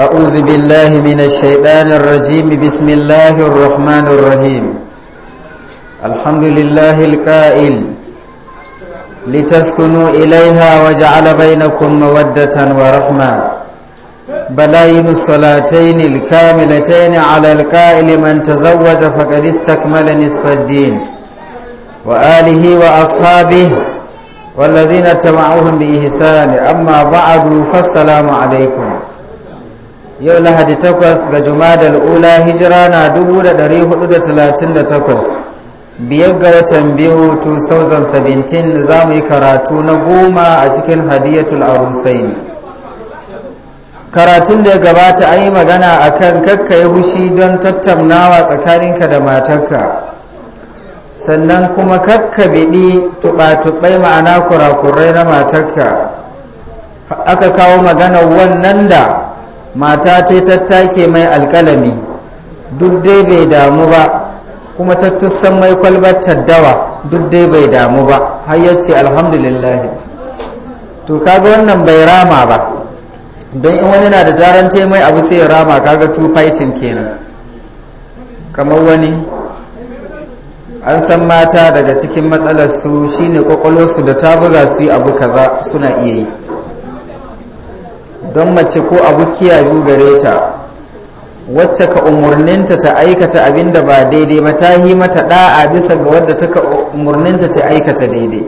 أعوذ بالله من الشيطان الرجيم بسم الله الرحمن الرحيم الحمد لله الكائل لتسكنوا إليها وجعل بينكم مودة ورحمة بلاين الصلاتين الكاملتين على الكائل من تزوج فقد استكمل نصف الدين وآله وأصحابه والذين اتبعوهم بإحسان أما بعد فالسلام عليكم yau lahadi takwas ga jumada ula hijira na 438 biyar ga watan biyu 2017 za mu yi karatu na goma a cikin hadiyatul ne karatun da ya gabata an yi magana a kan kakkaye hushi don tattaunawa tsakaninka da matarka sannan kuma kakka biɗi tuɓa-tuɓai ma'ana kurakurai na matarka aka kawo magana wannan da mata ta tattake mai alkalami duk dai bai damu ba kuma tattusan mai kwalbar taddawa duk dai bai damu ba har ya ce alhamdulillahi to kaga wannan bai rama ba don in wani na da jaran taimai abu sai ya rama kaga two fighting kenan kamar wani an san mata daga cikin matsalar su shine kwakwalwarsu da ta buga su yi abu kaza suna iya yi don mace ko abu kiyayu gare ta wacce ka umarninta ta aikata abin da ba daidai ba ta yi mata da'a bisa ga wadda ta ka umarninta ta aikata daidai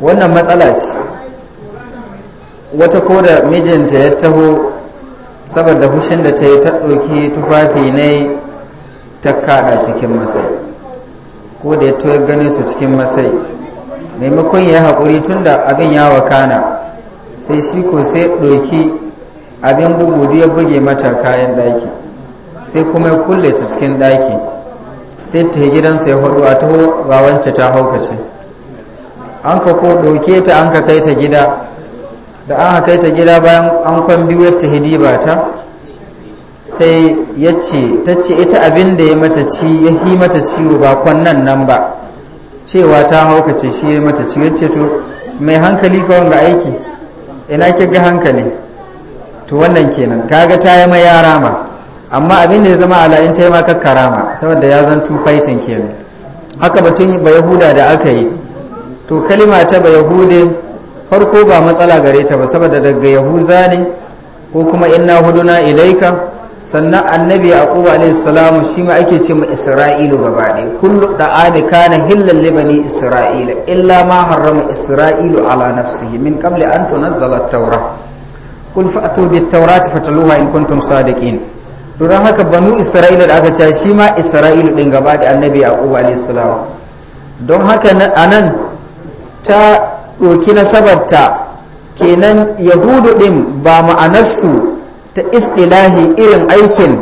wannan matsala ce wata ko da mijinta ya taho saboda hushin da ta yi ta ɗauki tufafi ne ta kaɗa cikin masai ko da ya to gane su cikin masai maimakon ya haƙuri tun da abin ya wakana sai shi ko sai ɗauki abin bugu ya buge mata kayan ɗaki sai kuma ya kulle ta cikin ɗaki sai ta gidansa ya hudu a taho ga wance ta haukace an ka ko ɗauke ta an ka kai ta gida da an kai ta gida bayan an kwan biyu ta hidiba ta sai ya ce ta ce ita abin da ya mata mata ciwo ba kwannan nan ba cewa ta haukace shi ya mata ciwo ya ce to mai hankali ka wanga aiki ina ki ga hankali to wannan kenan kaga ta yi mai yara ma amma abin da ya zama ala in ta yi ma kakkara saboda ya zan tu fighting kenan haka batun ba yahuda da aka yi to kalima ta ba yahude farko ba matsala gare ta ba saboda daga yahuza ne ko kuma inna huduna ilaika sannan annabi yaqub alaihi salam shi ma ake ce ma isra'ilu gaba ɗaya kullu ani kana hillal libani isra'ila illa ma harrama isra'ilu ala nafsihi min qabli an tunazzala at-taura kul fa'tu bit-taurati fataluha in kuntum sadiqin don haka banu isra'ila da aka ce shi ma isra'ilu din gaba da annabi yaqub alaihi salam don haka anan ta ɗoki nasabarta kenan yahudu din ba ma'anarsu ta istilahi irin aikin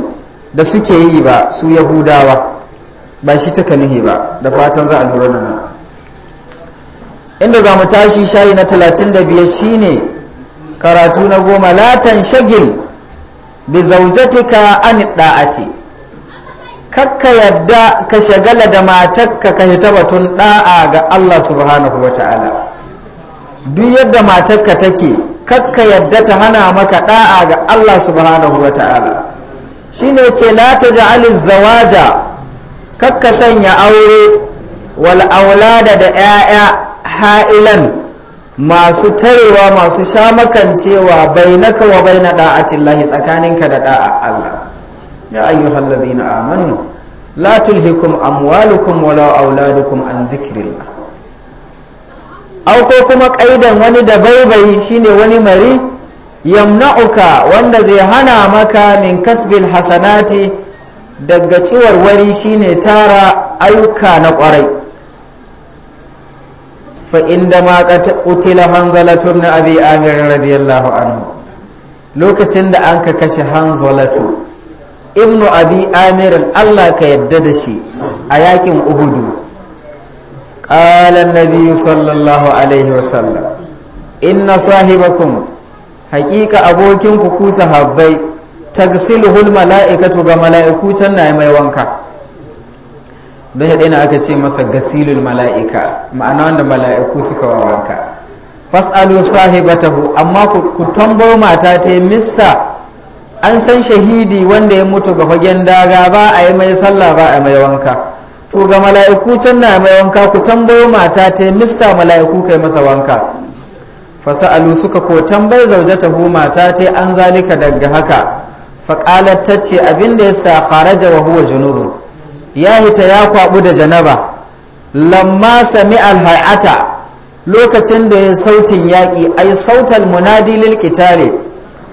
da suke yi ba su yahudawa ba shi ta nuhi ba da fatan za a lura nan inda za mu tashi shayi na 35 shine karatu na goma latan shagil bi zaujatika an da'ati kakka yadda ka shagala da matakka ka hita batun da'a ga Allah subhanahu wa ta'ala duk yadda matakka take kakka yadda ta hana maka da'a ga Allah subhanahu wa ta'ala shine ce la alis zawaja kakka sanya aure wal aulada da 'ya'ya ha'ilan masu tarewa masu bai na shamakancewa bai na da'atin lahi tsakaninka da da'a Allah ya ayyuhallazina amanu la tulhikum amwalukum wala auladukum an dhikrillah au ko kuma kaidan wani da baibayi shine wani mari yamna'uka wanda zai hana maka min kasbil hasanati daga ciwar wari shine tara ayyuka na kwarai. fa inda ma utila hanzalatu na abi amir radiyallahu anhu lokacin da an ka kashe hanzalatu ibnu abi amir allah ka yadda da shi a yakin uhudu قال النبي صلى الله عليه وسلم إن صاحبكم حقيقة أبوكم كوكوسة هبي تغسله الملائكة وملائكة تنعم يوانكا don haɗe na aka ce masa gasilul mala'ika ma'ana wanda mala'iku suka wawanka fas'alu sahibatahu amma ku tambo mata ta missa an san shahidi wanda ya mutu ga fagen daga ba a yi mai sallah ba a mai wanka to ga mala'iku can na mai wanka ku tambayo mata ta yi missa mala'iku kai masa wanka alu suka ko tambayi zauje zaujatahu mata ta an zalika daga haka faƙalar ta ce da ya sa kharaja wa huwa ya hita ya kwaɓu da janaba lamma sami alhai'ata lokacin da ya sautin yaƙi ai sautar munadi lilkitare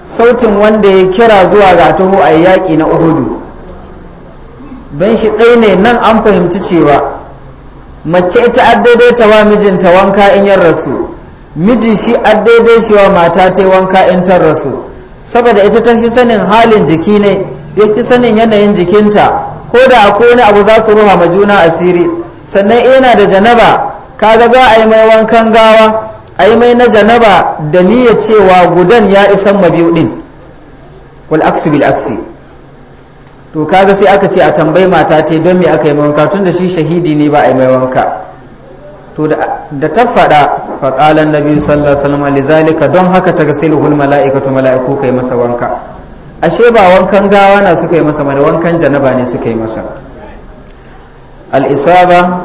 sautin wanda ya kira zuwa ga tuhu a yaƙi na uhudu ban shi ɗai ne nan an fahimci cewa mace ita ta wa mijinta wanka in yan rasu miji shi addaidai shi wa mata ta wanka in ta rasu saboda ita ta fi sanin halin jiki ne ya fi sanin yanayin jikinta ko da akwai wani abu za su ruha ma juna asiri sannan yana da janaba kaga za a yi mai wankan gawa a yi mai na janaba da niyya cewa gudan ya isan mabiyu din wal aksu bil to kaga sai aka ce a tambayi mata te don me aka yi wanka tun da shi shahidi ne ba a yi mai wanka to da ta faɗa faƙalan nabi sallallahu alaihi wasallam don haka ta gasiluhul mala'ikatu mala'iku kai masa wanka ashe ba wankan gawa na suka yi masa ba wankan janaba ne suka yi masa al-isaba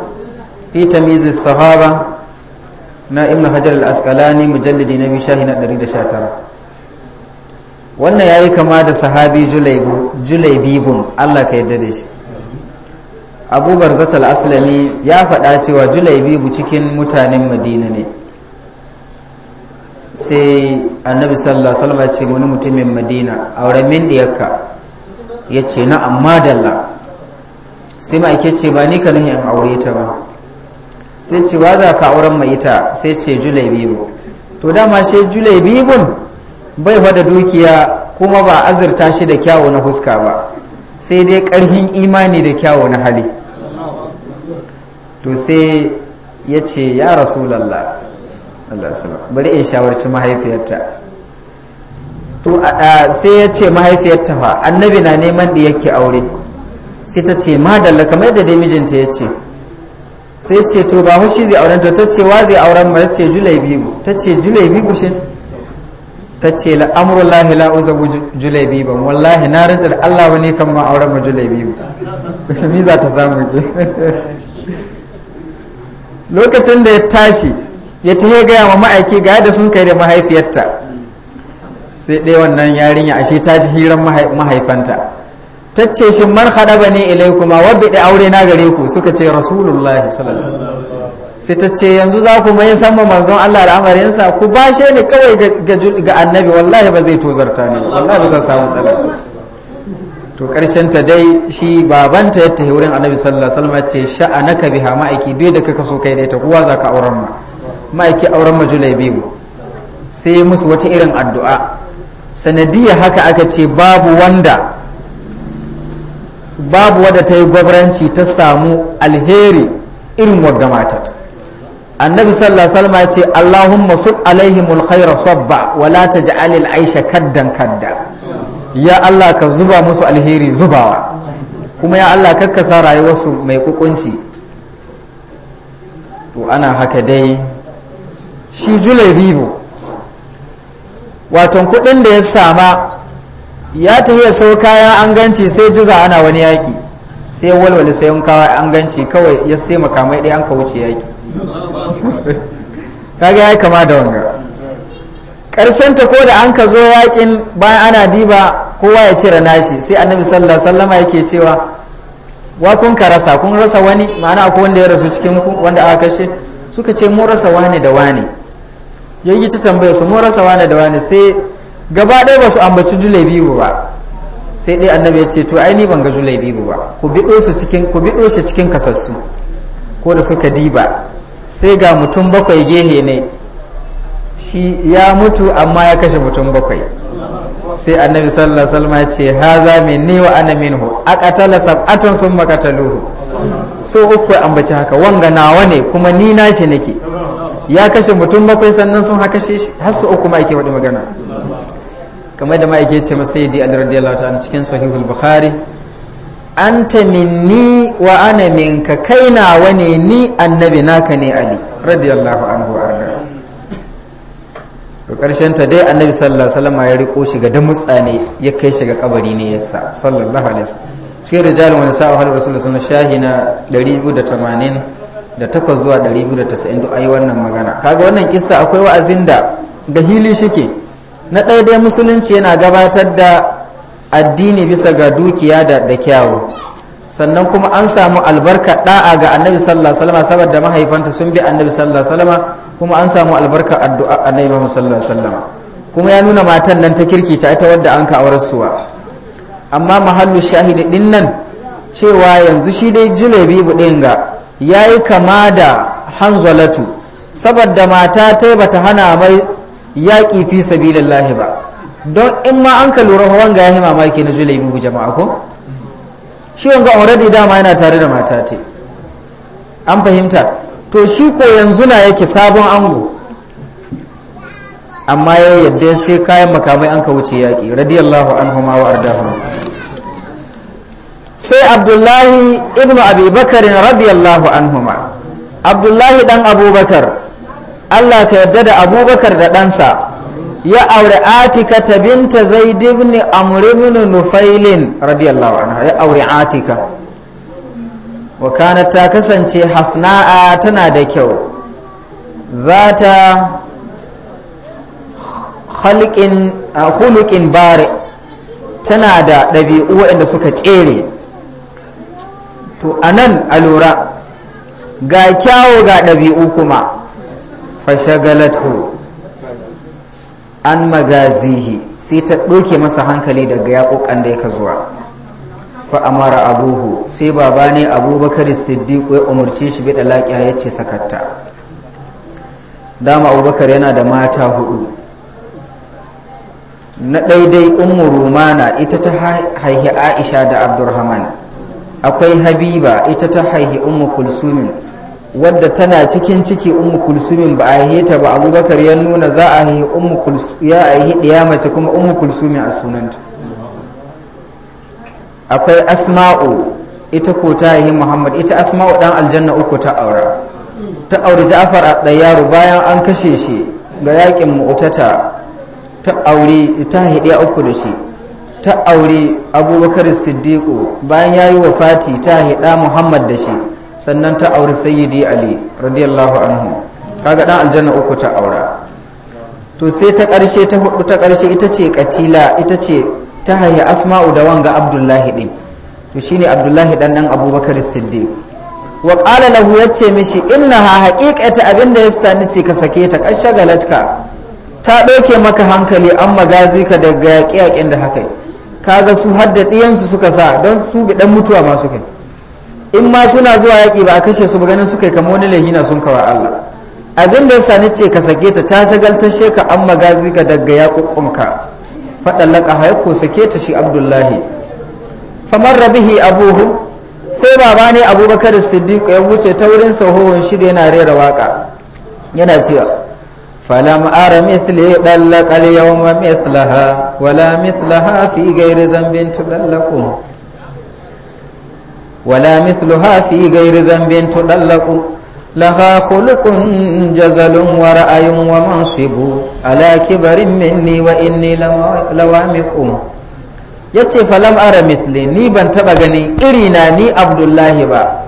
fi tamyiz sahaba na ibnu hajar al-asqalani mujallidi na biyu shahi na 119 wannan ya yi kama da sahabi julaibibun allah ka yadda da shi abubar zatal aslami ya faɗa cewa julaibibu cikin mutanen madina ne sai annabi sallallahu salama ce wani mutumin madina auren min ya ce na amma dalla sai ma ake ce ba ni ka nuhi an aure ta ba sai ce ba za ka auren mai ita sai ce julaibibu to dama shi julaibibun bai da dukiya kuma ba azurta shi da kyawu na fuska ba sai dai ƙarfin imani da kyawu na hali to sai ya ce ya rasulallah bari in shawarci mahaifiyarta to sai ya ce mahaifiyarta fa annabi na neman da yake aure sai ta ce madalla kamar yadda dai mijinta ya ce sai ce to ba hushi zai auren ta ce wa zai auren ma ta ce julai biyu ta ce julai biyu shi ta ce la amru lahi la'uza uzabu julaibi ban wallahi na rantsa da Allah wani kan ma auren mu julaibi ba ni za ta samu ke lokacin da ya tashi ya tahe gaya ma ma'aiki ga yadda sun kai da mahaifiyarta sai ɗaya wannan yarinya ashe ta ji hiran mahaifanta ta ce shi man haɗa ba ne ilai kuma wadda aure na gare ku suka ce rasulullahi sallallahu alaihi sai ta ce yanzu za ku mai sama manzon Allah da amarinsa ku bashe ni kawai ga annabi wallahi ba zai tozarta ni wallahi ba zan samu tsala to karshen ta dai shi babanta ya tafi wurin annabi sallallahu alaihi wasallam ce sha'anaka biha ma'aiki dai da kaka so kai da ta kuwa za ka auren ma ma'aiki auren ma biyu sai musu wata irin addu'a sanadiyya haka aka ce babu wanda babu wadda ta yi gwabranci ta samu alheri irin wadda matar annabi sallallahu alaihi wasallam ya ce Allahumma sub alaihimul khaira sabba wa la taj'al al aisha kaddan kadda ya Allah ka zuba musu alheri zubawa kuma ya Allah kakkasa rayuwarsu mai kukunci to ana haka dai shi jule bibo waton kudin da ya sama ya tafiya sau kaya an ganci sai jiza ana wani yaki sai walwale sayan kawai an ganci kawai ya sai makamai ɗaya an ka wuce yaki kaga ya kama da wanga karshen ta ko da an ka zo yakin bayan ana diba kowa ya cire nashi sai annabi sallallahu alaihi wasallama yake cewa wa kun ka rasa kun rasa wani ma'ana akwai wanda ya rasu cikin ku wanda aka kashe suka ce mu rasa wani da wani yayi ta tambaya su mu rasa wani da wani sai gaba ɗaya ba su ambaci julaibi ba sai dai annabi ya ce to ai ni ban ga julaibi ba ku biɗo su cikin ku biɗo shi cikin kasassu ko da suka diba sai ga mutum bakwai gehe ne shi ya mutu amma ya kashe mutum bakwai sai annabi sallallahu alaihi wasallam ya ce haza ni wa ana minhu aqatala sab'atan sun makataluhu so uku ambaci haka wanga nawa ne kuma ni nashi nake ya kashe mutum bakwai sannan sun haka shi har su uku ma yake wadi magana kamar da ma yake ce masayidi al radiyallahu ta'ala cikin sahihul bukhari anta minni wa ana minka kai nawa ne ni annabi naka ne ali radiyallahu anhu arda to karshen ta dai annabi sallallahu alaihi wasallam ya riko shi ga damutsa ne ya kai shi ga kabari ne yasa sallallahu alaihi wasallam sai rijalun wani sa'a halin rasulullahi sallallahu alaihi wasallam shahina takwas zuwa 290 duk ayi wannan magana kaga wannan kissa akwai wa'azin da ga hili shike na ɗaya dai musulunci yana gabatar da addini bisa ga dukiya da da kyawu sannan kuma an samu albarka da'a ga annabi sallallahu alaihi wasallam saboda mahaifanta sun bi annabi sallallahu alaihi wasallam kuma an samu albarka addu'a annabi sallallahu alaihi wasallam kuma ya nuna matan nan ta kirki ta ita wadda an ka aurar suwa amma mahallu shahidi din nan cewa yanzu shi dai julebi budin ga yayi kama da hanzalatu saboda mata ta bata hana mai yaƙi fi sabilillahi ba don in ma an ka lura wanga ya mamaki na julai biyu jama'a ko shi wanga already dama yana tare da mata te an fahimta to shi ko yanzu na yake sabon ango amma ya yadda sai kayan makamai an ka wuce yaƙi radiyallahu anhuma wa ardahum sai abdullahi ibn abubakar radiyallahu anhuma abdullahi dan abubakar allah ka yadda da abubakar da ɗansa ya aure atika ta binta zaid ibn amr ibn nufailin radiyallahu anha ya aure atika wa kanat ta kasance hasna'a tana da kyau zata khalqin khuluqin bari tana da ɗabi'u waɗanda suka tsere to anan a lura ga kyawo ga ɗabi'u kuma fashagalathu an magazihi sai ta ɗauke masa hankali daga yaƙoƙan da yaka zuwa fa'amara abuhu sai baba ne abubakar siddiq ya umarce shi bi ɗalaƙiya ya ce sakatta dama abubakar yana da mata hudu na ɗaiɗai ummu rumana ita ta haihi aisha da abdurrahman akwai habiba ita ta haihi ummu kulsumin wadda tana cikin ciki ummu kulsumin ba a yi ta ba abubakar ya nuna za a yi ummu ya a yi ɗiya mace kuma ummu kulsumin a sunanta akwai asma'u ita ko ta yi muhammad ita asma'u dan aljanna uku ta aura ta aure ja'far a yaro bayan an kashe shi ga yakin mu'utata ta aure ta hidiya uku da shi ta aure abubakar siddiqu bayan ya yi wa fati ta haɗa muhammad da shi sannan ta auri sayyidi ali radiyallahu anhu kaga dan aljanna uku ta aura to sai ta karshe ta hudu ta karshe ita ce katila ita ce ta haihi asma'u da wanga abdullahi din to shine abdullahi dan dan abubakar siddiq wa qala lahu yace mishi ha haqiqata abinda ya sani ce ka sake ta kan shagalatka ta ɗauke maka hankali an magazi ka daga yaƙi da haka kaga su hadda ɗiyansu suka sa don su bi dan mutuwa masu kai in ma suna zuwa yaƙi ba a kashe su ba ganin suka yi kama wani lahina sun kawo Allah abin da sani ce ka sake ta ta shagaltar sheka an magazi ga daga ya kukunka faɗan laƙa haiko sake ta shi abdullahi famar rabihi abuhu sai baba ne abubakar siddiq ya wuce ta wurin sahohon shi da yana rera waka yana cewa falam ara mithli dallaka al-yawma mithlaha wala mithlaha fi ghairi dhanbin tudallaqu ولا مثلها في غير ذنب تطلق لها خلق جزل ورأي ومنصب على كبر مني وإني لوامق yace falam ara misli ni ban taba ganin irina ni abdullahi ba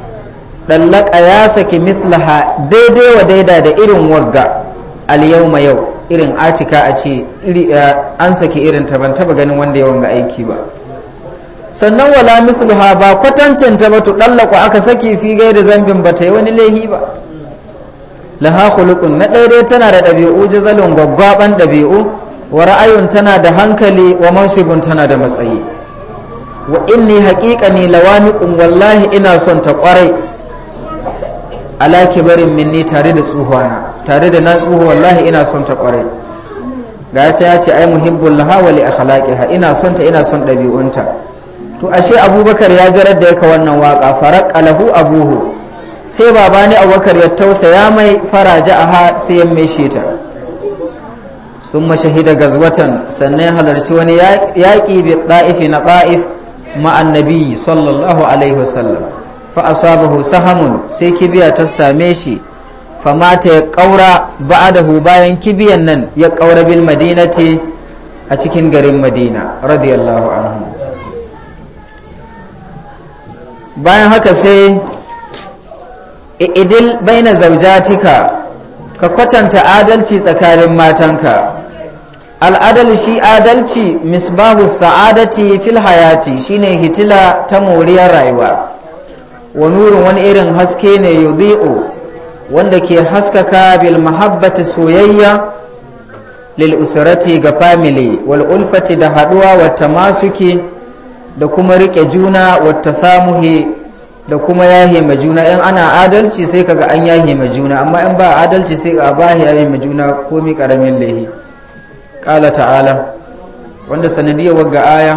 dallaka ya saki mislaha daidai wa daida da irin wagga alyawma yau irin atika a ce an saki irin ta ban taba ganin wanda ya wanga aiki ba sannan wala misluha ba kwatancin ta batu dallaku aka saki fi gai da zambin ba ta yi wani laihi ba laha khuluqun na daidai tana da ɗabi'u jazalun gwaggwaban ɗabi'u wa ra'ayun tana da hankali wa mansibun tana da matsayi wa inni haqiqani lawamiqun wallahi ina son ta kwarai ala kibarin minni tare da tsuhuwana tare da na tsuhu wallahi ina son ta kwarai ga ya ce ai muhibbul laha wa li akhlaqiha ina son ta ina son ɗabi'unta to ashe abubakar ya jarar da yaka wannan waka farak alahu abuhu sai baba ne abubakar ya tausaya mai faraja aha sai ya mai sheta sun mashahida gazwatan sannan halarci wani yaƙi bi ɗa'ifi na ɗa'if ma'an nabi sallallahu alaihi wasallam fa asabahu sahamun sai kibiya ta same shi fa mata ya ƙaura ba'adahu bayan kibiyan nan ya ƙaura bil madinati a cikin garin madina radiyallahu anhu bayan haka sai idil baina zaujatika ka kwatanta adalci tsakanin matanka al'adal shi adalci misbahu sa'adati fil hayati shine hitila ta moriyar rayuwa wa nurin wani irin haske ne yudhi'u wanda ke haskaka bil mahabbati soyayya lil usrati ga family wal ulfati da haduwa wa tamasuki da kuma riƙe juna wata samuhe da kuma yahe ma juna in ana adalci sai kaga an yahe ma juna amma in ba adalci sai ga ba yahe ma juna komi karamin lahi qala ta'ala wanda sanadiyar wagga aya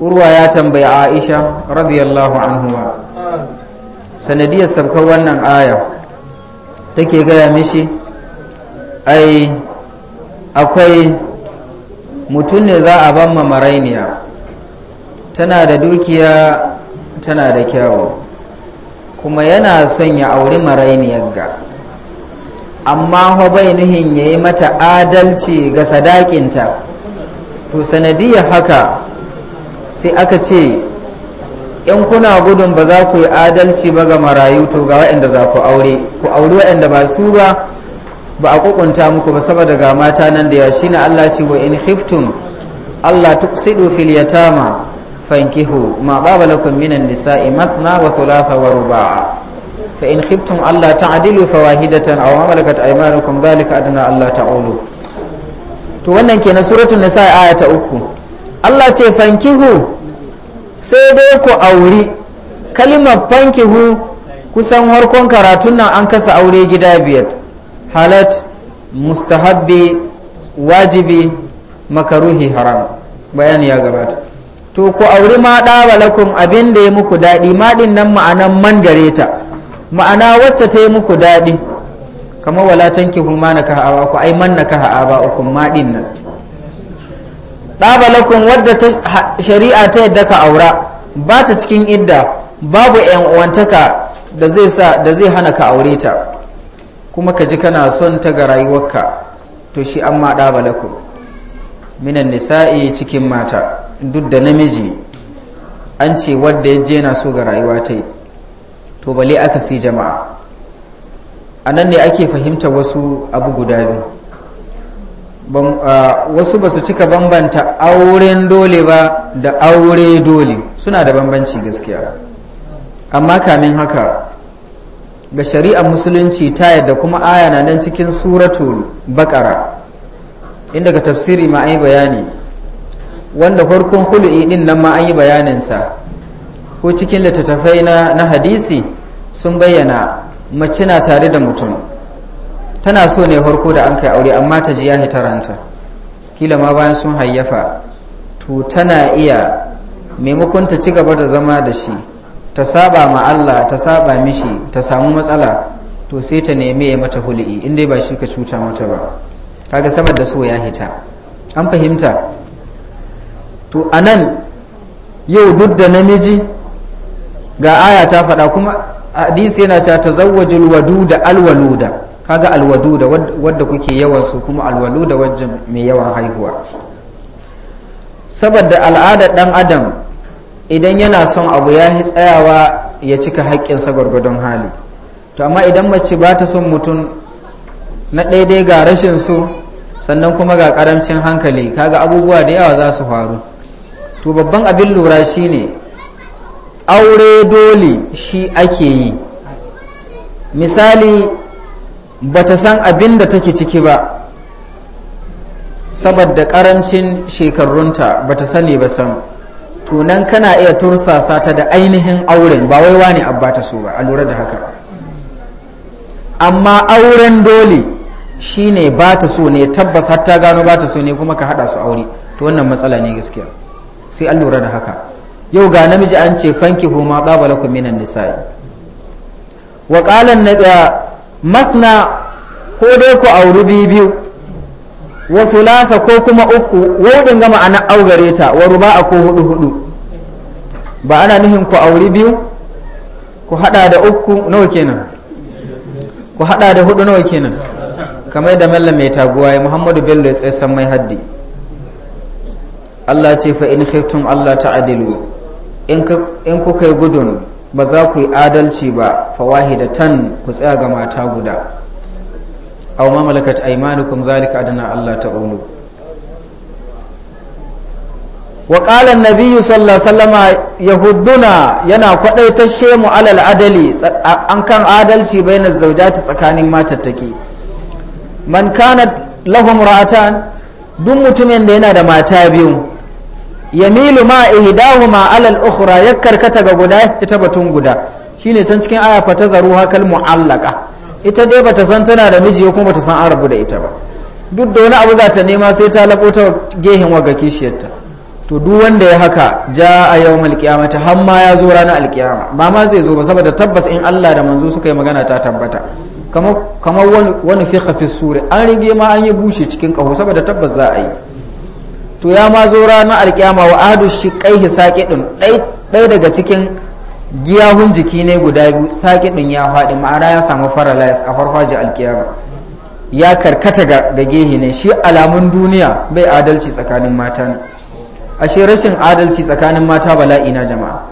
urwa ya tambayi aisha radiyallahu anhuwa sanadiyar saukar wannan aya take gaya mishi ai akwai mutum ne za a ban ma marainiya tana da dukiya tana da kyawu kuma yana son ya auri marainiyar ga amma bai nuhin ya yi mata adalci ga sadakinta to sanadiya haka sai aka ce in kuna gudun ba za ku yi adalci ba ga marayu to ga waɗanda za ku aure ku auri waɗanda ba su ba ba a kukunta muku ba saboda ga mata nan da yashi shine Allah ce wa in khiftum Allah tuqsidu fil yatama fankihu ma ɗaba lakum minan nisa'i mathna wa thulatha wa ruba'a fa in khiftum alla ta'dilu fawahidatan aw ma malakat aymanukum dhalika adna alla ta'ulu to wannan kenan suratul nisa'i aya ta uku Allah ce fankihu sai dai ku auri kalimar fankihu kusan harkon karatun nan an kasa aure gida biyar halat mustahabbi wajibi makaruhi haram bayani ya gabata to ku auri ma ɗawa lakum abin da ya muku daɗi maɗin nan ma'anan man gare ta ma'ana wacce ta yi muku daɗi kama wala tanki huma na kaha ku ai man na kaha awa uku maɗin nan ɗaba lakum wadda ta shari'a ta yadda ka aura ba ta cikin idda babu yan uwantaka da zai sa da zai hana ka aure ta kuma ka ji kana son ta ga rayuwarka to shi an ma lakum minan nisa'i cikin mata duk da namiji an ce wadda ya je na so ga rayuwa ta yi. to bale aka si jama'a a nan ne ake fahimta wasu abu guda biyu wasu ba su cika bambanta auren dole ba da aure dole suna da bambanci gaskiya amma kamin haka ga shari'ar musulunci ta yadda kuma aya na nan cikin suratul bakara inda ga tafsiri ma anyi bayani wanda farkon hulu'i din nan ma an yi sa ko cikin littattafai na hadisi sun bayyana mace na tare da mutum tana so ne farko da an kai aure amma ta ji ya taranta kila ma bayan sun hayyafa to tana iya maimakon ta ci gaba da zama da shi ta saba ma Allah ta saba mishi ta samu matsala to sai ta nemi ya mata hulu'i inda ba shi ka cuta mata ba kaga saboda so ya hita an fahimta to a nan yau duk da namiji ga aya ta faɗa kuma hadisi yana cewa da da alwaluda kaga alwadu da wadda kuke yawan su kuma da wajen mai yawan haihuwa saboda al'adar dan adam idan yana son abu ya yi tsayawa ya cika haƙƙinsa gwargwadon hali to amma idan mace ba ta son mutum na daidai ga rashin so sannan kuma ga ƙaramcin hankali kaga abubuwa da yawa za su faru to babban abin lura shine aure dole shi ake yi misali bata san abin da take ciki ba saboda karancin shekarunta bata sani ba san tunan kana iya tursasa ta da ainihin auren ba wai wani abba ta so ba a lura da haka amma auren dole shine ba ta so ne tabbas har ta gano ba ta so ne kuma ka hada su aure to wannan matsala ne gaskiya sai an lura da haka yau ga namiji an ce fanki huma qabala ku minan nisa'i wa qala masna ko dai ku auri biyu biyu wa sulasa ko kuma uku wadin ga ma'ana augare ta wa ruba'a ko hudu hudu ba ana nuhin ku auri biyu ku hada da uku nawa kenan ku hada da hudu nawa kenan kamar da mallam mai taguwa ya muhammadu bello ya tsaye san mai haddi Allah ce fa in khiftum Allah ta'dilu in kuka yi gudun ba za ku yi adalci ba fa wahidatan ku tsaya ga mata guda aw ma malakat aymanukum zalika adana Allah ta'ulu wa qala an-nabiy sallallahu alaihi wasallam yahudduna yana kwadaitashe mu alal adali an kan adalci baina zawjati tsakanin matattaki man kanat lahum ra'atan duk mutumin da yana da mata biyu yamilu ma ma ala al-ukhra yakarkata ga guda ita batun guda shine can cikin aya fa tazaru hakal mu'allaqa ita dai bata san tana da miji kuma bata san arabu da ita ba duk da wani abu za ta nema sai ta labo ta gehen waga kishiyarta to duk wanda ya haka ja a yawmal qiyamati har ma ya zo ranar alkiyama ba ma zai zo ba saboda tabbas in Allah da manzo suka yi magana ta tabbata kamar kamar wani wani fi sura an rige ma an yi bushe cikin kaho saboda tabbas za a yi to ya ma zo ranar alkiyama wa adu shi kaihi din ɗaya daga cikin giyahun jiki ne guda biyu din ya faɗi ma'ana ya samu paralyze a farfaji alkiyama ya karkata ga gehi ne shi alamun duniya bai adalci tsakanin mata ne ashe rashin adalci tsakanin mata bala'i na jama'a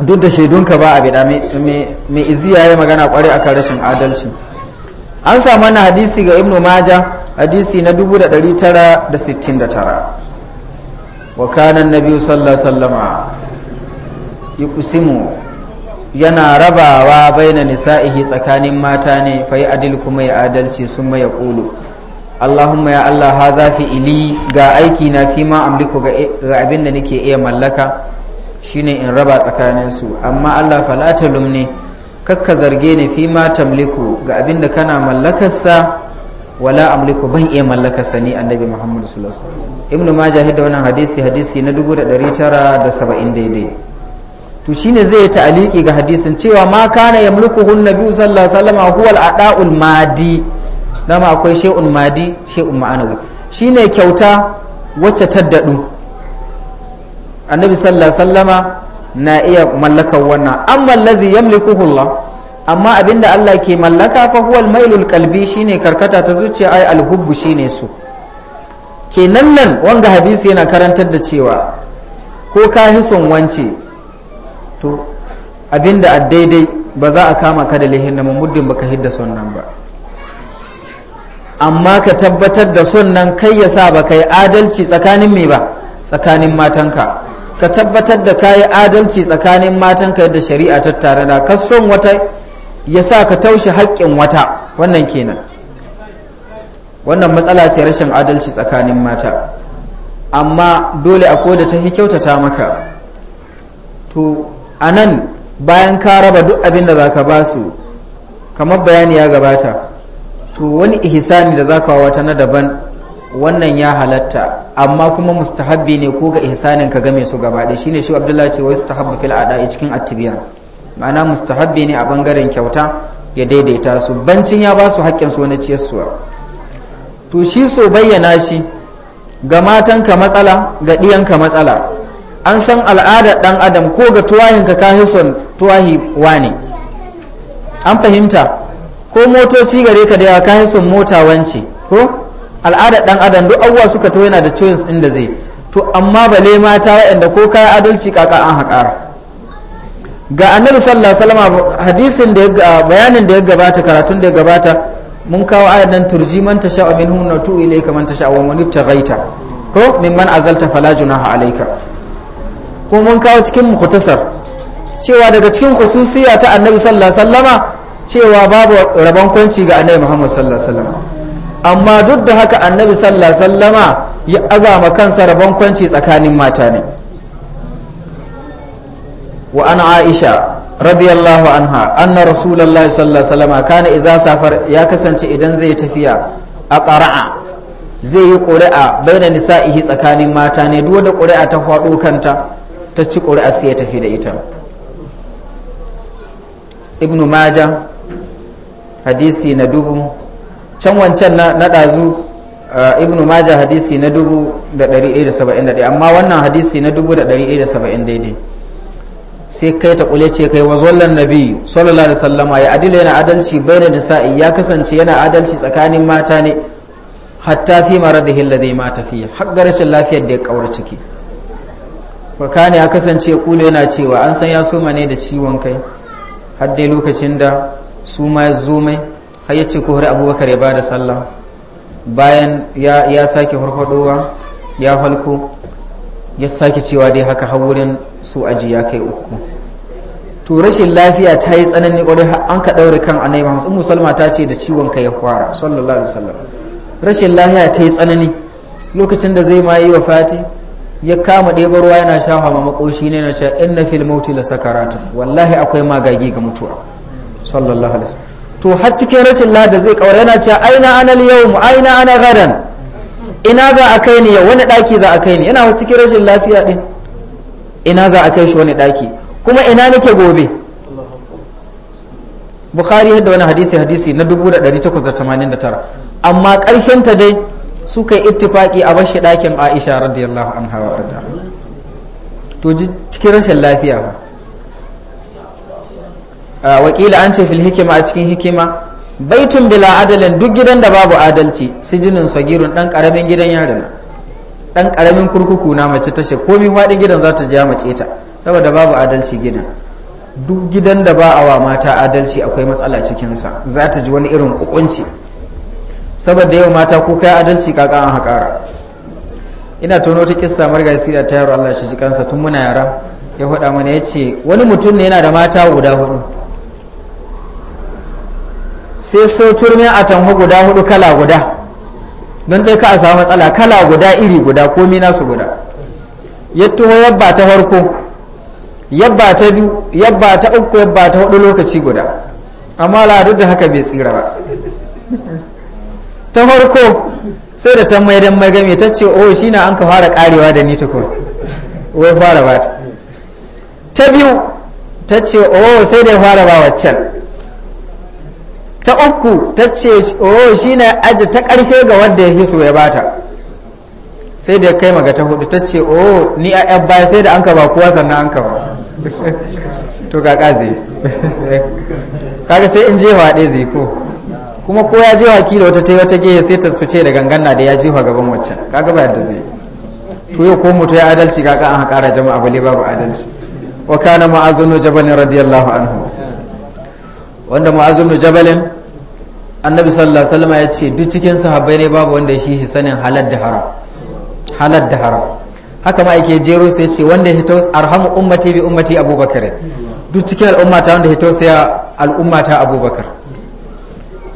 duk da shaidunka ba a bida mai iziya ya magana kwarai akan rashin adalci an samu na hadisi ga ibnu maja hadisi na 1969 wa kanan nabi sallallahu sallama kusimu yana rabawa baina nisa'ihi tsakanin mata ne fa yi adil kuma ya adalci sun ya kulu Allahumma ya Allah ha za fi ili ga aiki na fi ma amliku ga abin da nake iya mallaka shine in raba tsakaninsu amma Allah fala lumni kakka zarge ni fi ma tamliku ga abin da kana mallakarsa wala amliku ban iya mallaka sani annabi muhammadu sallallahu alaihi wasallam ibnu majah da wannan hadisi hadisi na 1970 daidai to shine zai yi ta'aliki ga hadisin cewa ma kana yamlikuhu nabiyyu sallallahu alaihi wasallam huwa al-ada'ul madi dama akwai shay'un madi shay'un ma'anawi shine kyauta wacce ta dadu annabi sallallahu alaihi wasallama na iya mallakar wannan amma allazi yamlikuhu Allah amma abinda Allah ke mallaka fa huwal mailul kalbi shine karkata ta zuciya ai alhubbu shine su kenan nan wanga hadisi yana karantar da cewa ko ka hison wance to abinda a daidai ba za a kama ka da lihin nan muddin baka hidda son nan ba amma ka tabbatar da son nan kai ya sa ba kai adalci tsakanin me ba tsakanin matanka ka tabbatar da kayi adalci tsakanin matanka yadda shari'a ta da ka son wata ya sa ka taushe haƙƙin wata wannan kenan wannan matsala ce rashin adalci tsakanin mata amma dole a koda ta kyautata maka to a nan bayan ka raba duk abin da za ka ba su kamar bayani ya gabata to wani ihsani da za ka wata na daban wannan ya halatta amma kuma mustahabbi ne ko ga ihsanin ka game su gaba ɗaya shine shi abdullahi ce wai su ta fil ada'i cikin attibiyan ma'ana mustahabbi ne a bangaren kyauta ya daidaita su bancin ya ba su haƙƙin su na to shi so bayyana shi ga matanka matsala ga ka matsala an san al'adar ɗan adam ko ga tuwahinka ka son tuwahi wane an fahimta ko motoci gare ka da yawa ka son mota wance ko al'adar ɗan adam duk abubuwa suka to yana da choice inda zai to amma bale mata waɗanda ko kayan adalci kaka an haƙara ga annabi sallallahu alaihi wasallam hadisin da ya bayanin da ya gabata karatun da ya gabata mun kawo ayat nan turji man tasha wa minhum na tu ilayka man tasha wa man ghaita ko mimman azalta fala junaha alayka ko mun kawo cikin mukhtasar cewa daga cikin khususiya ta annabi sallallahu alaihi wasallama cewa babu rabon kwanci ga annabi muhammad sallallahu alaihi wasallama amma duk da haka annabi sallallahu alaihi wasallama ya azama kansa rabon kwanci tsakanin mata ne وأن عائشة رضي الله عنها أن رسول الله صلى الله عليه وسلم كان إذا سافر يا كسنت إذن زي تفيا أقرع زي قرأ بين نسائه سكان ما تاني دو دو قرأ تفوضو كانت تشي قرأ سي تفي ديتا ابن ماجه حديثي ندوب can wancan na ɗazu ibn majah hadisi na 1171 amma wannan hadisi na 1170 daidai sai kai ta kule ce kai wa zallan nabi sallallahu alaihi wasallam ya adila yana adalci da nisa'i ya kasance yana adalci tsakanin mata ne hatta fi maradihi alladhi mata fi har lafiyar da ya kaura ciki wa kana ya kasance kule yana cewa an san ya soma ne da ciwon kai har dai lokacin da su ma ya zo mai har ya ce ko har abubakar ya bada sallah bayan ya sake farfadowa ya halko ya sake cewa dai haka har wurin su aji ya kai uku to rashin lafiya ta yi tsanani kwarai an ka ɗaure kan annabi Muhammad ummu Musulma ta ce da ciwon ka ya fara sallallahu alaihi wasallam rashin lafiya ta yi tsanani lokacin da zai ma yi wa fati ya kama ɗebar ruwa yana sha ma makoshi ne na in inna fil mauti la sakaratun wallahi akwai magagi ga mutuwa sallallahu alaihi wasallam to har cikin rashin lafiya da zai kawar yana cewa aina anal yawm aina ana gadan ina za a kai ni ya wani daki za a kai ni yana cikin rashin lafiya din. ina za a kai shi wani daki? kuma ina nake gobe bukhari yadda wani hadisi hadisi na 1889 amma karshen ta dai suka yi ittifaki a bashi dakin aisha radiyallahu anha wa arda to cikin rashin lafiya ba wakila an ce fil hikima a cikin hikima baitun bila adalin duk gidan da babu adalci sijinin sagirin dan karamin gidan yari dan karamin kurkuku na mace tashi komi faɗin gidan za ta ja mace ta saboda babu adalci gidan duk gidan da ba a wa mata adalci akwai matsala cikinsa za ta ji wani irin kukunci saboda yau mata ko kai adalci kaka an haƙara ina tono ta kissa marga sira ta yaro Allah shi tun muna yara ya faɗa mana ya ce wani mutum ne yana da mata guda hudu sai so a atamhu guda hudu kala guda don dai ka a samu matsala kala guda iri guda komi nasu guda ya tuho yabba ta farko yabba ta biyu yabba ta uku yabba ta hudu lokaci guda amma la da haka bai tsira ba ta farko sai da ta mai dan mai game ta ce oh shi na an ka fara karewa da ni tukun wai fara ba ta biyu ta ce oh sai da ya fara ba waccan ta uku ta ce oh shi ne aji ta ƙarshe ga wanda ya so ya bata sai da ya kai maga ta hudu ta ce oh ni a yan baya sai da an ka ba sannan an ka ba to ga kaze. kaga sai in jewa ɗaya zai ko kuma ko ya ki kila wata ta wata gehe sai ta suce da gangana da ya jewa gaban waccan kaga ba yadda zai to yau ko mutu ya adalci kaga an haƙara jama'a bale babu adalci wa kana ma'azunu jabalin radiyallahu anhu wanda ma'azunu jabalin annabi sallallahu alaihi wasallam ya ce duk cikin sahabbai ne babu wanda shi sanin halal da haram halal da haram haka ma yake jero sai ce wanda ya hito arhamu ummati bi ummati abubakar duk cikin al'ummata wanda hito sai al'ummata abubakar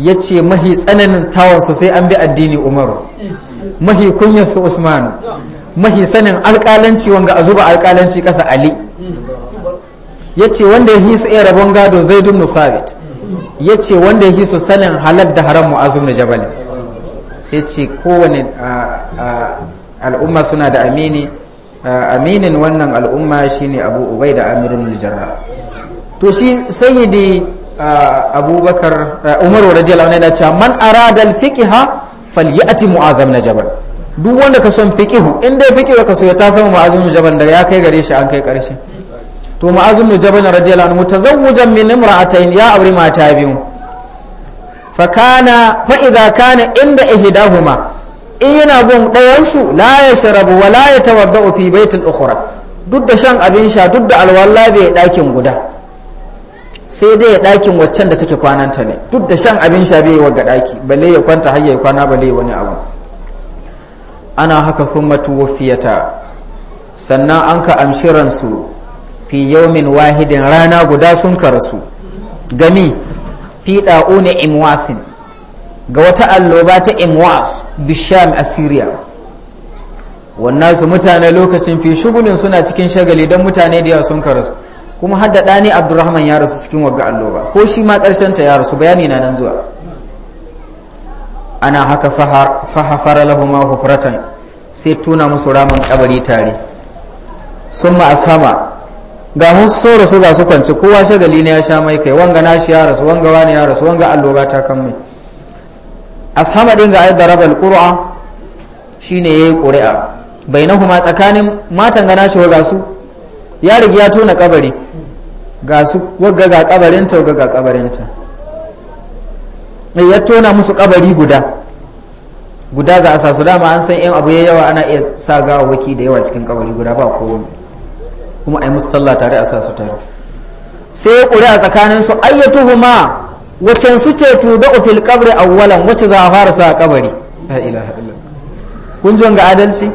ya ce mahi tsananin tawon su sai an bi addini umaru mahi kunyar su usmanu mahi sanin alƙalanci wanga a zuba alƙalanci ƙasa ali ya ce wanda ya su iya rabon gado zaidun musabit ya ce wanda ya hisu sanin halar da haram mu'azum na jabal sai ce kowane al'umma suna da amini aminin wannan al'umma shine abu ubai da amirin jara to shi da abubakar umar radiyallahu wani yana cewa man aradal al-fiqha falyati mu'azam na jabal duk wanda ka son fiqihu in dai fiqihu ka so ya ta sama na jabal da ya kai gare shi an kai karshe to mu'azu bin jabal radiyallahu anhu tazawwajan min imra'atayn ya auri mata biyu fa kana fa idza kana inda ihdahuma in yana gun ɗayansu su la yashrabu wa la yatawaddau fi baitil ukhra duk da shan abin sha duk da alwala bai ɗakin guda sai dai ya ɗakin waccan da take kwananta ne duk da shan abin sha bai wa ga ɗaki balle ya kwanta har ya kwana balle wani abu ana haka sun matuwafiyata sannan an ka amshiransu fi yawmin wahidin rana guda sun karasu gami fi ɗauna imwasin ga wata alloba ta imwas bisham assyria wannan su mutane lokacin fi shugunin suna cikin shagali don mutane da yawa sun karasu kuma hadda ɗani abdurrahman ya rasu cikin wagga alloba ko shi ma ƙarshen ta ya rasu bayani na nan zuwa ana haka fahafara lahuma hufratan sai tuna musu ramin kabari tare sun ma ashama ga husso rasu ga su kwanci kowa shagali ne ya sha mai kai wanga na shi ya rasu wanga wani ya rasu wanga alloga ta kan mai ashama din ga ayyar rabal qur'a shine yayi qur'a bainahuma tsakanin matan ga nashi ga su ya rigi ya tona kabari ga su wagga ga kabarin ta wagga ga kabarin ta ya tona musu kabari guda guda za a sa su dama an san yan abu yawa ana iya sa gawa waki da yawa cikin kabari guda ba kowa kuma a yi musu talla tare a sa su tare sai ya ƙuri a tsakanin su ayyatuhuma wacce su ce tu da ufil kabri awwalan wacce za a fara sa a kabari la ilaha illallah kun ji adalci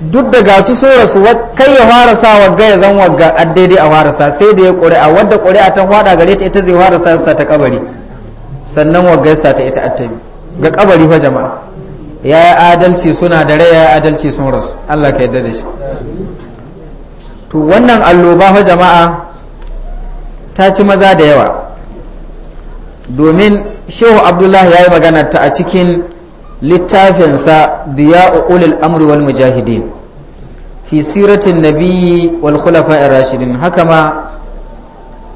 duk da gasu so rasu kai ya fara sa wagga ya zan wagga addaidai a fara sa sai da ya ƙuri'a wadda ƙuri'a ta fada gare ta ita zai fara sa sa ta kabari sannan wagga sa ta ita attabi ga kabari fa jama'a ya yi adalci suna da rai ya yi adalci sun rasu Allah ka yarda da shi to wannan alloba fa jama'a ta ci maza da yawa domin shehu abdullahi ya yi magana ta a cikin littafinsa ya ulil amri wal mujahidin fi siratin nabiyyi wal khulafa rashidin haka ma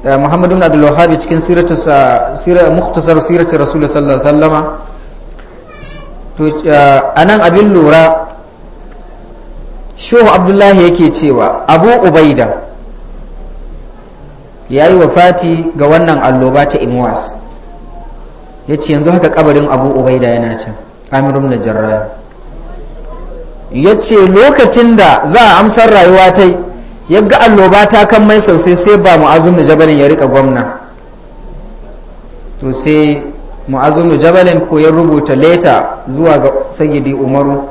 eh, muhammadu na abdul wahhab cikin ah, muktasar siratin rasulullah sallallahu alaihi wasallama to eh, anan abin lura shehu abdullahi yake cewa abu ubaida ya yi wafati ga wannan alloba ta inwas ya ce yanzu haka kabarin abu ubaida yana can amirun da jarraya ya ce lokacin da za a amsar rayuwa ta ya ga alloba ta kan mai sosai sai ba mu'azun da jabalin ya rika gwamna to sai mu'azun da jabalin ko ya rubuta leta zuwa ga sayyidi umaru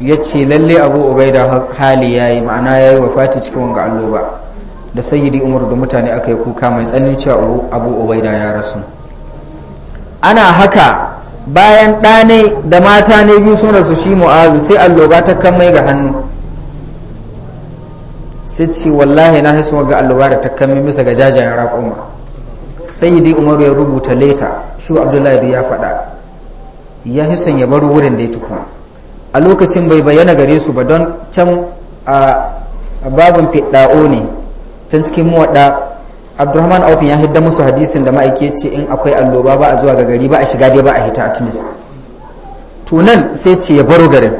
ya ce lalle abu ubaida hali ya yi ma'ana ya yi wafati cikin wanga allo ba da sayyidi umar da mutane aka yi kuka mai tsanin cewa abu ubaida ya rasu ana haka bayan ɗane da mata ne biyu sun rasu shi mu'azu sai alloba ta kamai ga hannu sai ce wallahi na haisu ga alloba da ta kamai mai misa ga jajayen raƙuma sayyidi umar ya rubuta leta shi abdullahi ya faɗa ya hisan ya bar wurin da ya tukuna a lokacin bai bayyana gare su ba don can a babin fiɗa'o ne can cikin muwaɗa abdurrahman aufin ya hidda musu hadisin da ma'aike ce in akwai alloba ba a zuwa ga gari ba a shiga dai ba a hita a tunis tunan sai ce ya baro garin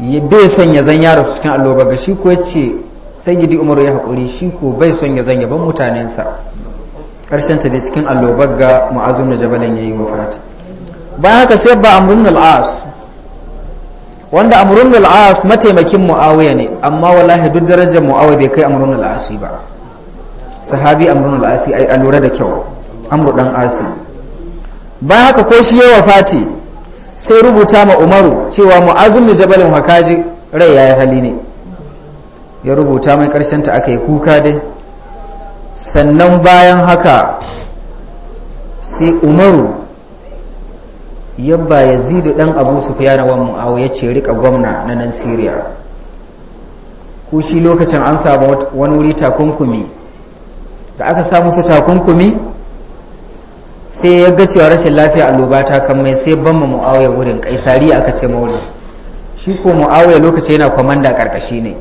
ya bai son ya zan yara su cikin alloba ga shi ko ce sai gidi umaru ya haƙuri shi ko bai son ya zan yaban mutanensa ƙarshen ta dai cikin alloba ga mu'azum da jabalin ya yi wa fata. bayan haka sai ba amrun al'as wanda amrun al'as mataimakin muawiya ne amma wallahi duk darajar muawiya bai kai amrun al'as ba sahabi amrun al'as ai alura da kyau amru dan asi bayan haka ko shi ya wafati sai rubuta ma umaru cewa mu'azim da jabalin hakaji rai yayi hali ne ya rubuta mai karshen ta aka kuka dai sannan bayan haka sai umaru yabba yazidu dan abu su sufyan wa muawiya ce rika gwamna na nan siriya ku shi lokacin an samu wani wuri takunkumi da aka samu su takunkumi sai ya ga cewa rashin lafiya alloba ta kan mai sai ban ma muawiya wurin kaisari aka ce mawuri shi ko muawiya lokaci yana kwamanda karkashi ne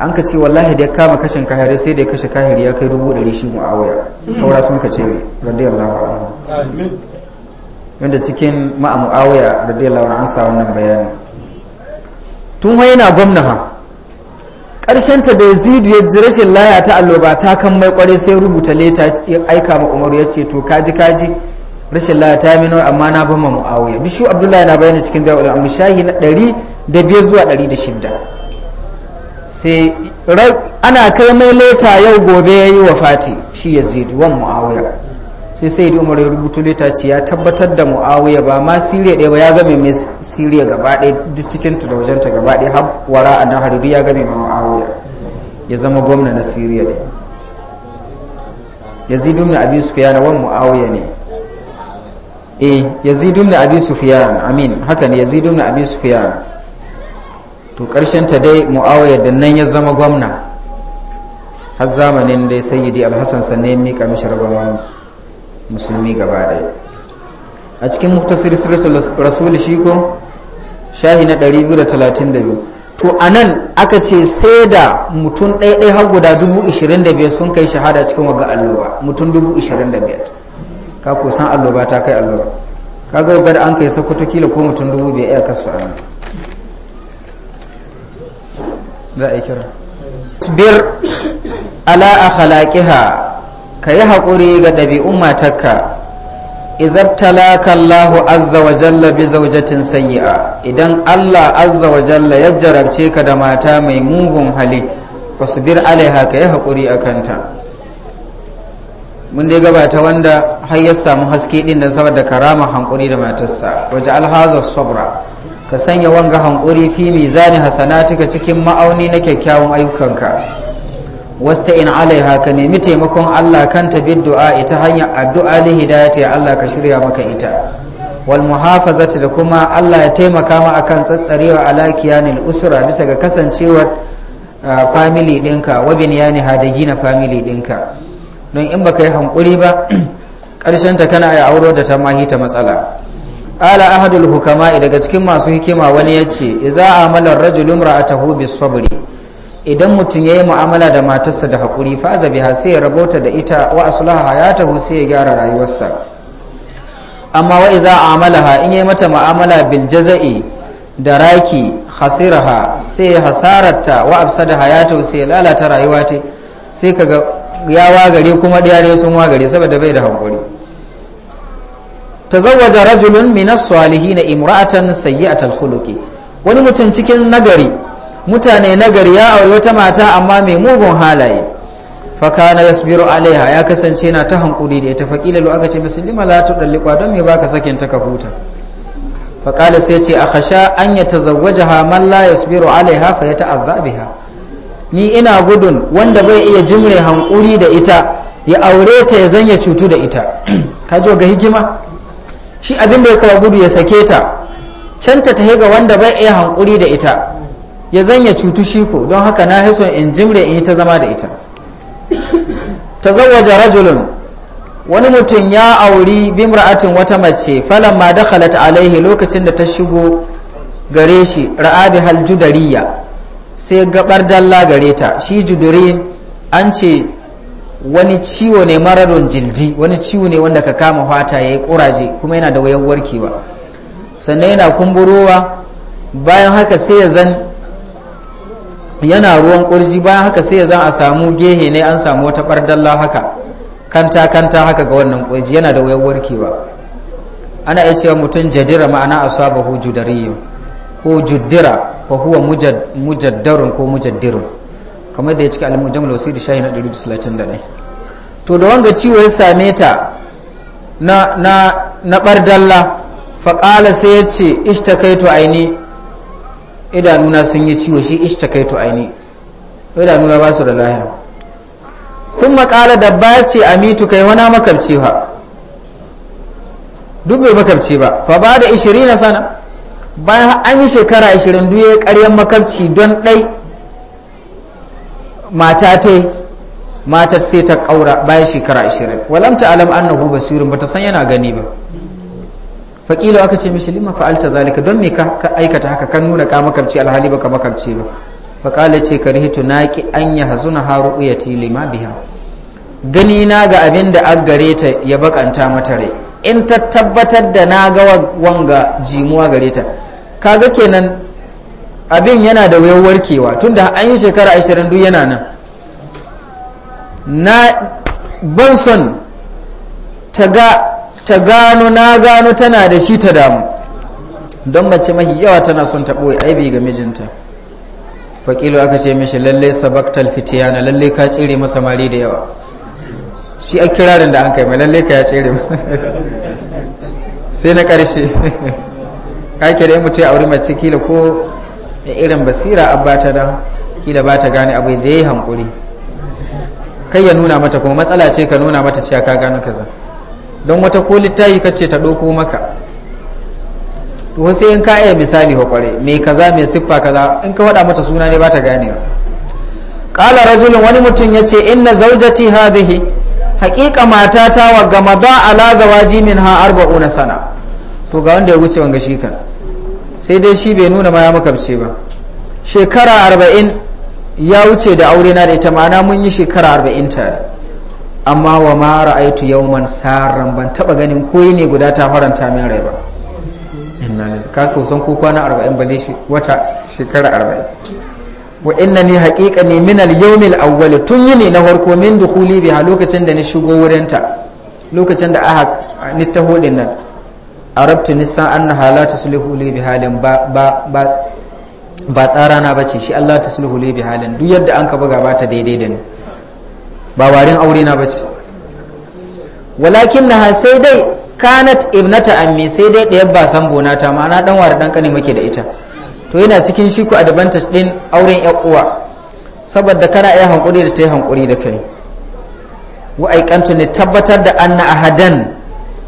an ka ce wallahi da ya kama kashin kahiri sai da ya kashe kahiri ya kai dubu ɗari shi muawiya saura sun ka ce radiyallahu anhu wanda cikin ma'a mu'awiya dai lawan an sa wannan bayani tun wai yana gwamna ha karshen ta da Yazid ya ji rashin laya ta alloba ta kan mai kware sai rubuta leta ya aika ma Umaru ya ce to kaji kaji rashin laya ta mino amma na bama mu'awiya bishu abdullahi na bayani cikin zawul amma shahi na ɗari da biya zuwa ɗari da shida. sai ana kai mai leta yau gobe ya yi wa fati shi yazid wan mu'awiya sai sai da umar ya rubuto leta ce ya tabbatar da muawiya ba ma siriya ɗaya ba ya game mai siriya gaba ɗaya duk cikin ta da wajen ta gaba ɗaya har wara a nahar ya game mai muawiya ya zama gwamna na siriya ɗaya yazid abin su fiyana wani muawiya ne eh yazid abin su fiyana amin haka ne yazid abin su fiyana to karshen ta dai muawiya da nan ya zama gwamna har zamanin dai sayyidi alhassan sannan ya mika mishi rabawa musulmi gaba ɗaya a cikin muftasir siratul rasul shi ko shahi na 232 to a nan aka ce sai da mutum ɗaiɗai har guda 25,000 sun kai shahada cikin waga alloba mutum 25,000 ka ko san alloba ta kai alloba ka ga wagar an kai sokoto kila ko mutum 2,000 ya kasu a nan za a yi kira biyar ala a halakiha ka yi haƙuri ga ɗabi'un matarka talakan Allahu azza wa jalla bi zaujatin sayyi'a idan Allah azza wa jalla ya jarabce ka da mata mai mugun hali fasbir alaiha ka yi haƙuri a kanta mun dai gabata wanda har ya samu haske din da saboda karama hankuri da matarsa waje alhaza sabra ka sanya wanga hankuri fi mizani hasanatika cikin ma'auni na kyakkyawan ayyukanka wasta in alaiha ka nemi taimakon Allah kan ta bi du'a ita hanyar addu'a li hidayati Allah ka shirya maka ita wal muhafazati da kuma Allah ya taimaka ma akan tsatsarewa ala kiyanil usra bisa ga kasancewar family ɗinka wa yani da na family dinka don in baka yi hankuri ba karshen ta kana ya auro da ta mahi ta matsala ala ahadul hukama daga cikin masu hikima wani ya ce iza amalar rajulun ra'atahu bis sabri idan mutum ya yi mu'amala da matarsa da haƙuri faza biha sai ya rabota da ita wa aslaha hayatahu sai ya gyara rayuwarsa amma wa iza amalaha in yi mata mu'amala bil jaza'i da raki hasiraha sai ya hasararta wa hayata hayatahu sai ya lalata rayuwa sai kaga ya wagare kuma diyare sun wagare saboda bai da haƙuri tazawwaja rajulun min as-salihin imra'atan sayyi'atal khuluqi wani mutum cikin nagari mutane nagari ya aure wata mata amma mai mugun halaye fakana yasbiru alaiha ya kasance na ta hankuri da ita faqila lu aka ce muslima la don me baka sakin ta ka huta faqala sai ce a khasha an ya tazawwajaha man la yasbiru alaiha fa yata'azza biha ni ina gudun wanda bai iya jimre hankuri da ita ya aure ta ya zanya cutu da ita ka jo ga hikima shi abin da ya kawo gudu ya sake ta canta ta ga wanda bai iya hankuri da ita ya zanya cutu shi ko don haka na hison in jimre in yi ta zama da ita ta zawaja rajulun wani mutum ya auri bimra'atin wata mace falan ma dakhalat alaihi lokacin da ta shigo gare shi ra'abi hal judariya sai gabar dalla gare ta shi juduri an ce wani ciwo ne mararon jildi wani ciwo ne wanda ka kama fata yayi kuraje kuma yana da wayan warkewa sannan yana kumburowa bayan haka sai ya zan yana ruwan kurji bayan haka sai ya za a samu gehe ne an samu wata bardalla haka kanta kanta haka ga wannan kurji yana da wayar warkewa ana iya cewa mutum jadira ma'ana asabahu judariyyu ko juddira fa huwa mujaddarun ko mujaddirun kamar da ya cika al-mujammal wasiri shahi na to da wanga ciwo ya same ta na na na bardalla fa sai ya ce aini idanuna sun yi ciwo shi kai to aini idanuna ba su da lahiya sun makala dabba ce mitu kai wana makamci ba duk bai makamci ba fa ba da 20 sana bayan an yi shekara 20 duye karyar makamci don ɗai mata ta mata sai ta kaura bayan shekara 20 walamta alam annahu basirin bata san yana gani ba faƙila aka ce mishi lima fa'alta zalika don me ka aikata haka kan nuna ka makamci alhali baka makamci ba faƙala ce na naqi an ya na haru uyati lima biha gani na ga abin da an gare ta ya bakanta mata rai in ta tabbatar da na ga wanga jimuwa gare ta kaga kenan abin yana da wayar warkewa tunda an yi shekara 20 duk yana nan na ban son ta ga ta gano na gano tana da shi ta damu don mace mahi yawa tana son ta ɓoye aibi ga mijinta faƙilu aka ce mishi lalle sabaktal fitiyana lalle ka tsire masa mari da yawa shi a kirarin da an kai mai lalle ka ya tsire masa sai na ƙarshe kake da mutu a wuri mace kila ko irin basira abba ta da kila ba ta gane abu da ya yi hankuri kai ya nuna mata kuma matsala ce ka nuna mata cewa ka gano kaza don wata ko littafi kace ta ɗauko maka to sai in ka iya misali kwakware mai kaza mai siffa kaza in ka faɗa mata suna ne ba ta wa. ƙala rajulun wani mutum ya ce inna zaujati hadhihi haƙiƙa matata wa gama ba ala zawaji min ha arba'una sana to ga wanda ya wuce wanga shi kan sai dai shi bai nuna ma ya bice ba shekara arba'in ya wuce da aure na da ita ma'ana mun yi shekara arba'in tare amma wa ma ra'aitu yawman saran ban taba ganin koyi ne guda ta faranta min rai ba inna ka ko san ko kwana 40 bane shi wata shekara 40 wa inna ni haqiqa ne min al-yawm al-awwal tun yini na farko min dukhuli biha lokacin da ni shigo wurin ta lokacin da aka ni ta hodin nan arabtu nisan anna halatu sulhu li halin ba ba ba ba tsara na bace shi Allah ta sulhu li halin. duk yadda an ka buga ba ta daidai da ni ba warin aure na bace walakin na sai dai kanat ibnata ammi sai dai ɗayar ba san bonata ma'ana dan wara dan kane muke da ita to yana cikin shi ku advantage din auren ƴan uwa saboda kana iya hankuri da ta yi hankuri da kai wa aikantu ne tabbatar da anna ahadan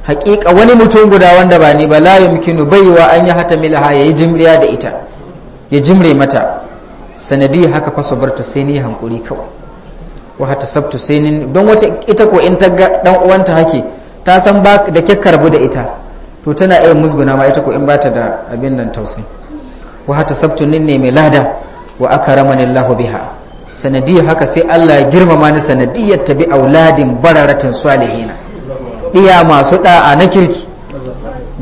hakika wani mutum guda wanda ba ni ba la yumkinu baiwa an yi hata milaha yayi jimriya da ita ya jimre mata sanadi haka fa sabarta sai ni hankuri kawai wa hatta sabtu sai don wace ita ko in ta ga dan uwanta hake ta san ba da ke karbu da ita to tana iya musguna ma ita ko in bata da abin nan tausayi wa hatta sabtu nin ne mai lada wa akramani Allah biha sanadiyya haka sai Allah ya girmama ni sanadiyar ta bi auladin bararatin salihina iya masu da'a na kirki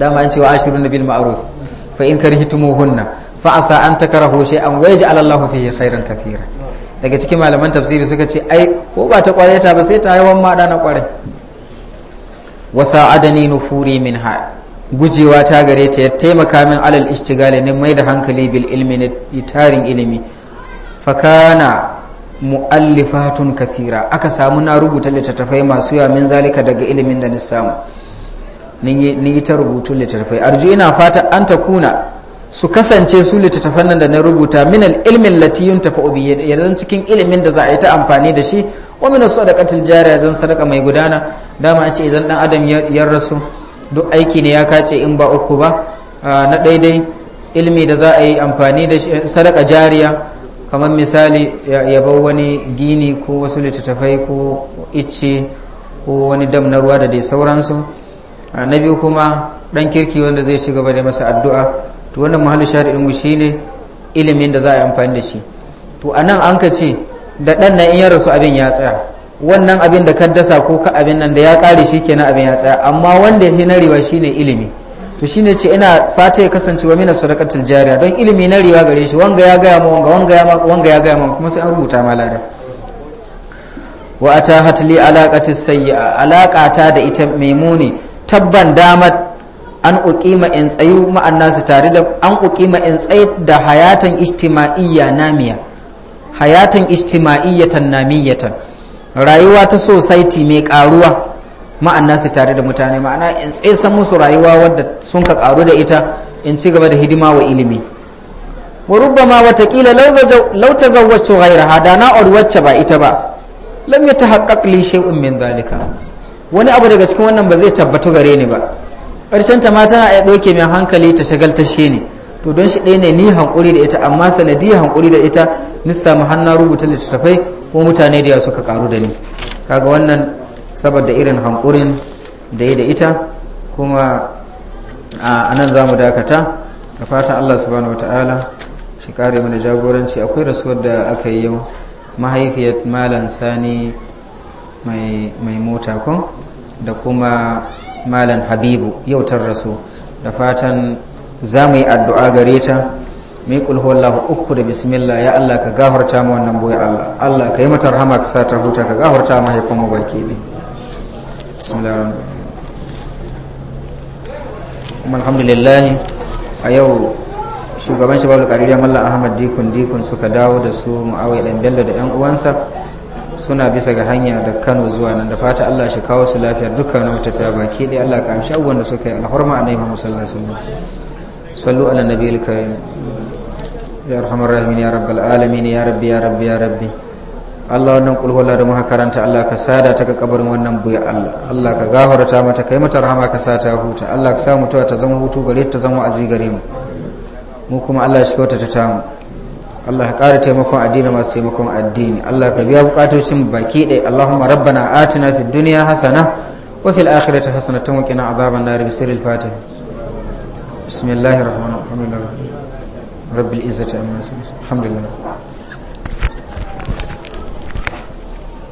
dama an cewa na bil ma'ruf fa in karhitumuhunna fa asa an takrahu shay'an wa yaj'al Allahu fihi khairan kathira daga cikin malaman tafsiri suka ce ai ko ba ta kware ta ba sai ta yawan mada na kware wasa adani nufuri minha gujewa ta gare ta taimaka min alal ishtigali ne mai da hankali bil ilmi ne tarin ilimi fakana mu'allifatun kathira aka samu na rubuta littattafai masu yawa min zalika daga ilimin da na samu ni ta rubutu littattafai arju ina fata an ta kuna su kasance su littattafan nan da na rubuta min ilmin lati yuntafa bi yadan cikin ilimin da za a yi ta amfani da shi wa min sadaqatil jariya zan sadaka mai gudana dama a ce idan dan adam ya rasu duk aiki ne ya kace in ba uku ba na daidai ilmi da za a yi amfani da shi eh, sadaka jariya kamar misali ya bar wani gini ko wasu littattafai ko icce ko wani dam na ruwa da dai sauransu na biyu kuma dan kirki wanda zai shiga da masa addu'a to wannan mahallin shahid din shine ilimin da za a yi amfani da shi to nan an ka ce da ɗan na in ya rasu abin ya tsaya wannan abin da ka dasa ko ka abin nan da ya kare shi kenan abin ya tsaya amma wanda ya fi narewa shine ilimi to shine ce ina fata ya kasance wa mina sadaqatul jariya don ilimi na gare shi wanga ya gaya ma wanga wanga ya wanga gaya ma kuma sai an rubuta ma lada wa atahat li alaqatis sayyi'a alaqata da ita maimuni tabban damat an uƙima in tsayu ma'an nasu tare da an uƙima in tsayi da hayatan ijtima'iyya namiya hayatan ijtima'iyyatan namiyatan rayuwa ta society mai karuwa ma'an nasu tare da mutane ma'ana in tsaye san musu rayuwa wadda sun ka karu da ita in ci gaba da hidima wa ilimi wa rubbama watakila law tazawwajtu ghayraha da na wacce ba ita ba lam yatahaqqaq li shay'un min zalika wani abu daga cikin wannan ba zai tabbatu gare ni ba karshen ta ma tana iya ɗauke mai hankali ta shagalta shi ne to don shi ɗaya ne ni hankuri da ita amma sanadiyar hankuri da ita ni samu hannun rubuta littattafai ko mutane da yawa suka karu da ni kaga wannan saboda irin hankurin da ya da ita kuma a nan za mu dakata da fatan allah subhanahu wataala shi kare mana jagoranci akwai rasuwar da aka yi yau mahaifiyar malam sani mai mota kun da kuma malam habibu yau ta rasu da fatan za mu yi addu'a gare ta mai kulhuwallahu uku da bismillah ya Allah ka gafarta mu wannan boye Allah Allah ka yi mata rahama ka sa ta huta ka gafarta mu haifan mu baki ne bismillah alhamdulillah a yau shugaban shababul karibiyya mallam ahmad dikun dikun suka dawo da su mu'awai dan bello da yan uwansa suna bisa ga hanya da kano zuwa nan da fata allah shi kawo su lafiya dukkanin tafiya baki ɗaya allah ka amshi abubuwan da suka yi alhorma a naimu musallar sallu sallu ala nabi alkarim ya arhamar rahimin ya rabbal alamin ya rabbi ya rabbi ya rabbi allah wannan kulhula da muka karanta allah ka sada ta ga kabarin wannan buya allah allah ka gahurata mata kai mata rahama ka sa ta huta allah ka sa mutuwa ta zama hutu gare ta zama azi gare mu mu kuma allah shi kyauta ta tamu Allah ka ƙara taimakon addini masu taimakon addini Allah ka biya bukatocin baki ɗaya Allahumma rabbana atina fid dunya hasana wa fil akhirati hasanatan wa qina adhaban nar bisiril fatih bismillahir rahmanir rahim rabbil